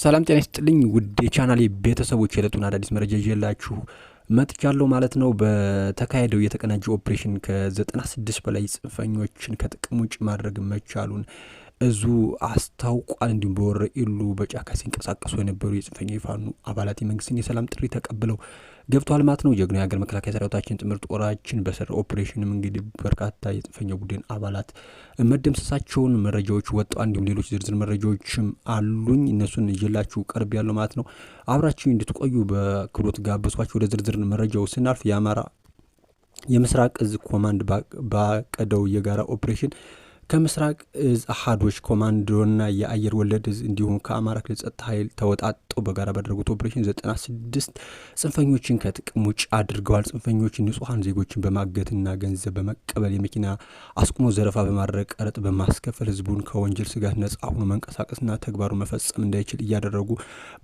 ሰላም ጤና ይስጥልኝ ውድ የቻናሌ ቤተሰቦች የዕለቱን አዳዲስ መረጃ ይዤላችሁ መጥቻለሁ ማለት ነው። በተካሄደው የተቀናጀ ኦፕሬሽን ከ96 በላይ ጽንፈኞችን ከጥቅም ውጭ ማድረግ መቻሉን እዙ አስታውቋል። እንዲሁም በወረ ኢሉ በጫካ ሲንቀሳቀሱ የነበሩ የጽንፈኛ የፋኖ አባላት የመንግስትን የሰላም ጥሪ ተቀብለው ገብተዋል ማለት ነው። ጀግና የሀገር መከላከያ ሰራዊታችን ጥምር ጦራችን በሰራ ኦፕሬሽንም እንግዲህ በርካታ የጽንፈኛ ቡድን አባላት መደምሰሳቸውን መረጃዎች ወጣ። እንዲሁም ሌሎች ዝርዝር መረጃዎችም አሉኝ። እነሱን ይዤላችሁ ቀርብ ያለው ማለት ነው። አብራችሁ እንድትቆዩ በክብሮት ጋበዝኳችሁ። ወደ ዝርዝር መረጃው ስናልፍ የአማራ የምስራቅ እዝ ኮማንድ ባቀደው የጋራ ኦፕሬሽን ከምስራቅ እዝ አሃዶች ኮማንዶና የአየር ወለድ እዝ እንዲሁም ከአማራ ክልል ጸጥታ ኃይል ተወጣጦ በጋራ ባደረጉት ኦፕሬሽን ዘጠና ስድስት ጽንፈኞችን ከጥቅም ውጭ አድርገዋል። ጽንፈኞችን ንጹሐን ዜጎችን በማገትና ገንዘብ በመቀበል የመኪና አስቁሞ ዘረፋ በማድረግ ቀረጥ በማስከፈል ህዝቡን ከወንጀል ስጋት ነጻ ሆኖ መንቀሳቀስና ተግባሩን መፈጸም እንዳይችል እያደረጉ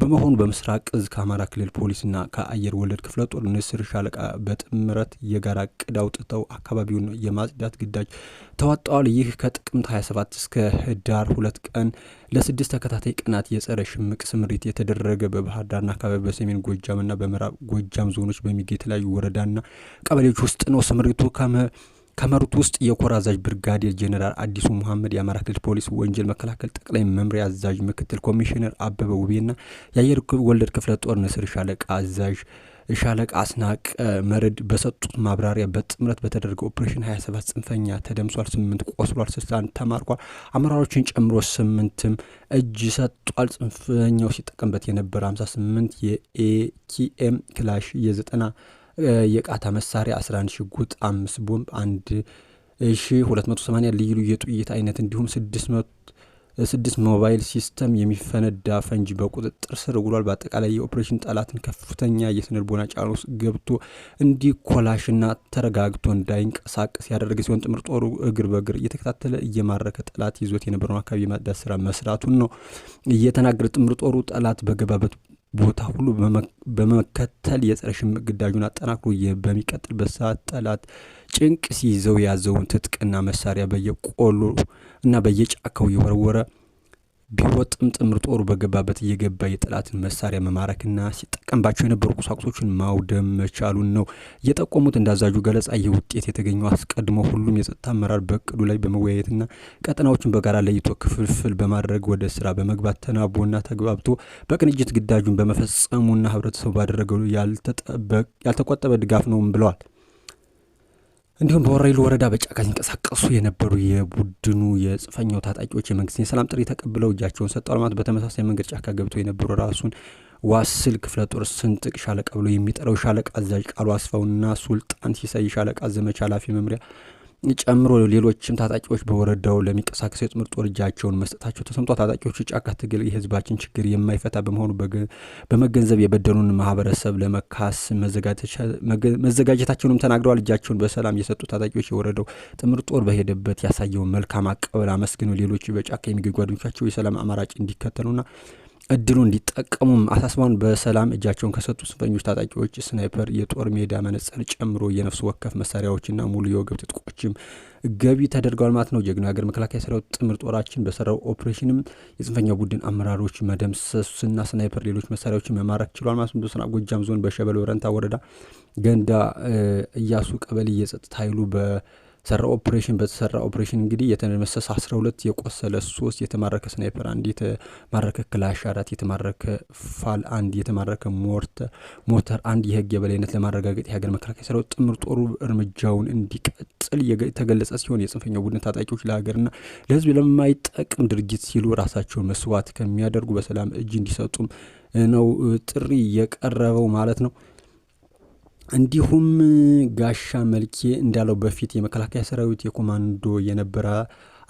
በመሆኑ በምስራቅ እዝ ከአማራ ክልል ፖሊስና ከአየር ወለድ ክፍለ ጦር ንስር ሻለቃ በጥምረት የጋራ እቅድ አውጥተው አካባቢውን የማጽዳት ግዳጅ ተዋጠዋል። ይህ ከ ጥቅምት 27 እስከ ህዳር ሁለት ቀን ለስድስት ተከታታይ ቀናት የጸረ ሽምቅ ስምሪት የተደረገ በባህር ዳርና አካባቢ በሰሜን ጎጃምና በምዕራብ ጎጃም ዞኖች በሚገኝ የተለያዩ ወረዳና ቀበሌዎች ውስጥ ነው። ስምሪቱ ከመሩት ውስጥ የኮር አዛዥ ብርጋዴር ጄኔራል አዲሱ መሐመድ፣ የአማራ ክልል ፖሊስ ወንጀል መከላከል ጠቅላይ መምሪያ አዛዥ ምክትል ኮሚሽነር አበበ ውቤና የአየር ወለድ ክፍለ ጦር ንስር ሻለቃ አዛዥ ሻለቃ አስናቀ መረድ በሰጡት ማብራሪያ በጥምረት በተደረገው ኦፕሬሽን 27 ጽንፈኛ ተደምሷል፣ ስምንት ቆስሏል፣ 61 ተማርኳል፣ አመራሮችን ጨምሮ ስምንትም እጅ ሰጧል። ጽንፈኛው ሲጠቀምበት የነበረ 58 የኤቲኤም ክላሽ፣ የ90 የቃታ መሳሪያ፣ 11 ሽጉጥ፣ 5 ቦምብ፣ 1280 ልዩ ልዩ የጥይት አይነት እንዲሁም 6 ስድስት ሞባይል ሲስተም የሚፈነዳ ፈንጅ በቁጥጥር ስር ውሏል። በአጠቃላይ የኦፕሬሽን ጠላትን ከፍተኛ የስነልቦና ጫና ውስጥ ገብቶ እንዲኮላሽና ተረጋግቶ እንዳይንቀሳቀስ ያደረገ ሲሆን ጥምር ጦሩ እግር በእግር እየተከታተለ እየማረከ ጠላት ይዞት የነበረውን አካባቢ የማጽዳት ስራ መስራቱን ነው እየተናገረ። ጥምር ጦሩ ጠላት በገባበት ቦታ ሁሉ በመከተል የጸረ ሽምቅ ግዳጁን አጠናክሮ በሚቀጥልበት ሰዓት ጠላት ጭንቅ ሲይዘው የያዘውን ትጥቅና መሳሪያ በየቆሎ እና በየጫካው የወረወረ ቢሮ ጥምር ጦሩ በገባበት እየገባ የጠላትን መሳሪያ መማረክና ሲጠቀምባቸው የነበሩ ቁሳቁሶችን ማውደም መቻሉን ነው የጠቆሙት። እንዳዛዡ ገለጻ ይህ ውጤት የተገኘው አስቀድሞ ሁሉም የጸጥታ አመራር በእቅዱ ላይ በመወያየትና ቀጠናዎችን በጋራ ለይቶ ክፍልፍል በማድረግ ወደ ስራ በመግባት ተናቦና ተግባብቶ በቅንጅት ግዳጁን በመፈጸሙና ህብረተሰቡ ባደረገው ያልተቆጠበ ድጋፍ ነውም ብለዋል። እንዲሁም በወረይሉ ወረዳ በጫካ ሲንቀሳቀሱ የነበሩ የቡድኑ የጽንፈኛው ታጣቂዎች የመንግስትን የሰላም ጥሪ ተቀብለው እጃቸውን ሰጠው ማለት በተመሳሳይ መንገድ ጫካ ገብተው የነበሩ ራሱን ዋስል ክፍለ ጦር ስንጥቅ ሻለቃ ብሎ የሚጠራው ሻለቃ አዛዥ ቃሉ አስፋውና ሱልጣን ሲሳይ ሻለቃ ዘመቻ ኃላፊ መምሪያ ጨምሮ ሌሎችም ታጣቂዎች በወረዳው ለሚንቀሳቀስ የጥምር ጦር እጃቸውን መስጠታቸው ተሰምቷል። ታጣቂዎቹ ጫካ ትግል የህዝባችን ችግር የማይፈታ በመሆኑ በመገንዘብ የበደሉን ማህበረሰብ ለመካስ መዘጋጀታቸውንም ተናግረዋል። እጃቸውን በሰላም የሰጡ ታጣቂዎች የወረዳው ጥምር ጦር በሄደበት ያሳየውን መልካም አቀበል አመስግነው ሌሎች በጫካ የሚገኙ ጓደኞቻቸው የሰላም አማራጭ እንዲከተሉና እድሉ እንዲጠቀሙም አሳስባን በሰላም እጃቸውን ከሰጡ ጽንፈኞች ታጣቂዎች ስናይፐር፣ የጦር ሜዳ መነጽር ጨምሮ የነፍስ ወከፍ መሳሪያዎችና ሙሉ የወገብ ትጥቆችም ገቢ ተደርገዋል ማለት ነው። ጀግና ሀገር መከላከያ ሰራዊት ጥምር ጦራችን በሰራው ኦፕሬሽንም የጽንፈኛ ቡድን አመራሮች መደምሰሱና ስናይፐር ሌሎች መሳሪያዎችን መማረክ ችሏል ማለት ነው። በምስራቅ ጎጃም ዞን በሸበል ወረንታ ወረዳ ገንዳ እያሱ ቀበሌ የጸጥታ ኃይሉ በ ሰራ ኦፕሬሽን በተሰራ ኦፕሬሽን እንግዲህ የተመሰሰ 12 የቆሰለ ሶስት የተማረከ ስናይፐር አንድ የተማረከ ክላሽ አራት የተማረከ ፋል አንድ የተማረከ ሞተር አንድ የህግ የበላይነት ለማረጋገጥ የሀገር መከላከያ ሰራዊት ጥምር ጦሩ እርምጃውን እንዲቀጥል የተገለጸ ሲሆን የጽንፈኛው ቡድን ታጣቂዎች ለሀገርና ለህዝብ ለማይጠቅም ድርጊት ሲሉ ራሳቸውን መስዋዕት ከሚያደርጉ በሰላም እጅ እንዲሰጡም ነው ጥሪ የቀረበው ማለት ነው። እንዲሁም ጋሻ መልኬ እንዳለው በፊት የመከላከያ ሰራዊት የኮማንዶ የነበረ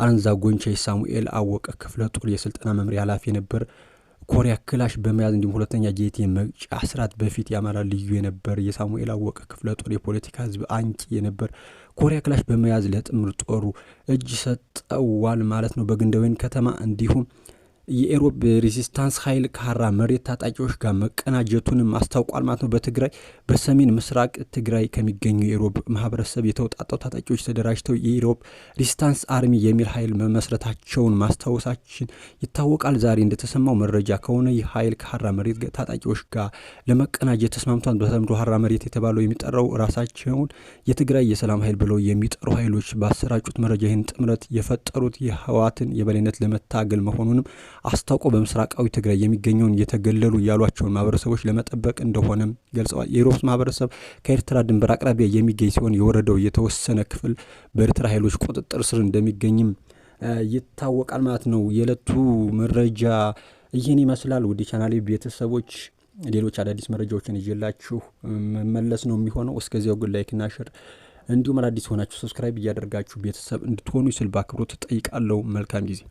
አረንዛ ጎንቻይ ሳሙኤል አወቀ ክፍለ ጦር የስልጠና መምሪያ ኃላፊ የነበር ኮሪያ ክላሽ በመያዝ እንዲሁም ሁለተኛ ጄቲ መቅጫ ስርዓት በፊት የአማራ ልዩ የነበር የሳሙኤል አወቀ ክፍለ ጦር የፖለቲካ ህዝብ አንቂ የነበር ኮሪያ ክላሽ በመያዝ ለጥምር ጦሩ እጅ ሰጠዋል ማለት ነው በግንደወይን ከተማ እንዲሁም የኤሮብ ሬዚስታንስ ኃይል ከሀራ መሬት ታጣቂዎች ጋር መቀናጀቱንም አስታውቋል ማለት ነው። በትግራይ በሰሜን ምስራቅ ትግራይ ከሚገኙ የኤሮብ ማህበረሰብ የተውጣጣው ታጣቂዎች ተደራጅተው የኤሮብ ሬዚስታንስ አርሚ የሚል ኃይል መመስረታቸውን ማስታወሳችን ይታወቃል። ዛሬ እንደተሰማው መረጃ ከሆነ ይህ ኃይል ካራ መሬት ታጣቂዎች ጋር ለመቀናጀት ተስማምቷል። በተለምዶ ሀራ መሬት የተባለው የሚጠራው ራሳቸውን የትግራይ የሰላም ኃይል ብለው የሚጠሩ ኃይሎች ባሰራጩት መረጃ ይህን ጥምረት የፈጠሩት የህወሓትን የበላይነት ለመታገል መሆኑንም አስታውቆ በምስራቃዊ ትግራይ የሚገኘውን እየተገለሉ ያሏቸውን ማህበረሰቦች ለመጠበቅ እንደሆነም ገልጸዋል። የኢሮብስ ማህበረሰብ ከኤርትራ ድንበር አቅራቢያ የሚገኝ ሲሆን የወረደው የተወሰነ ክፍል በኤርትራ ኃይሎች ቁጥጥር ስር እንደሚገኝም ይታወቃል ማለት ነው። የዕለቱ መረጃ ይህን ይመስላል። ውድ ቻናሌ ቤተሰቦች ሌሎች አዳዲስ መረጃዎችን ይዤላችሁ መመለስ ነው የሚሆነው። እስከዚያው ግን ላይክና ሸር እንዲሁም አዳዲስ ሆናችሁ ሰብስክራይብ እያደርጋችሁ ቤተሰብ እንድትሆኑ ስል በአክብሮት ጠይቃለሁ። መልካም ጊዜ